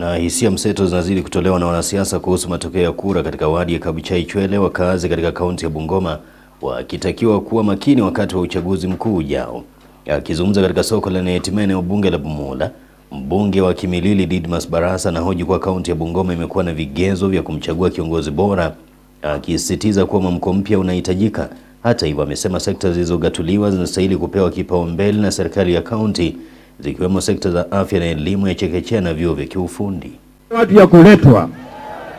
Na hisia mseto zinazidi kutolewa na wanasiasa kuhusu matokeo ya kura katika wadi ya Kabuchai Chwele, wakazi katika kaunti ya Bungoma wakitakiwa kuwa makini wakati wa uchaguzi mkuu ujao. Akizungumza katika soko la Netima, eneo bunge la Bumula, mbunge wa Kimilili Didmas Barasa anahoji kuwa kaunti ya Bungoma imekuwa na vigezo vya kumchagua kiongozi bora, akisisitiza kuwa mwamko mpya unahitajika. Hata hivyo, amesema sekta zilizogatuliwa zinastahili kupewa kipaumbele na serikali ya kaunti zikiwemo sekta za afya na elimu ya chekechea na vyuo vya kiufundi. Watu ya kuletwa,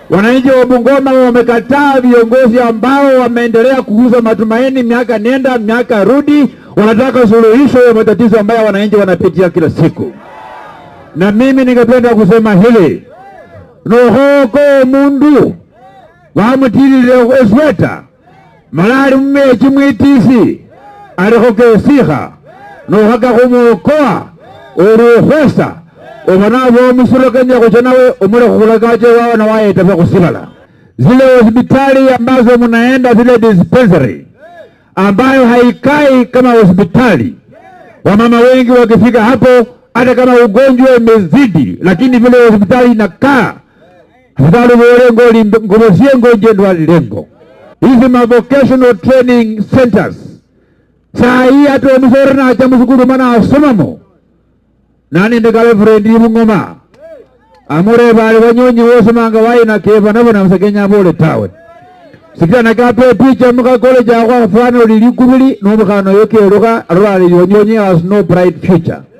wananchi wa Bungoma wamekataa viongozi ambao wameendelea kuuza matumaini miaka nenda miaka rudi. Wanataka suluhisho ya matatizo ambayo wananchi wanapitia kila siku, na mimi ningependa kusema hili nohoko mundu wamutilile esweta malali mmechi mwitisi alikhokesiha nohaka khumuokoa oluofesa omwana bwomusolo kenyako chonawe umule kukulakache wawa na waeta vyakusibala zile hospitali ambazo munaenda zile dispensary ambayo haikai kama hospitali. Wamama wengi wakifika hapo, hata kama ugonjwa umezidi, lakini vile hospitali inakaa hospitali vitaluvolengolingovosyengojendwalilengo hizi ma vocational training centers saa hii hata omusorina acha musukulu mana asomamo nani ndikale frendi mungoma amure bali banyonyi wose manga waina keva nabo namusakenya bole tawe sikira nakape picha mukakole jakwa fana oli likubili nomukhano yokeluka arurali yonyonyi has no bright future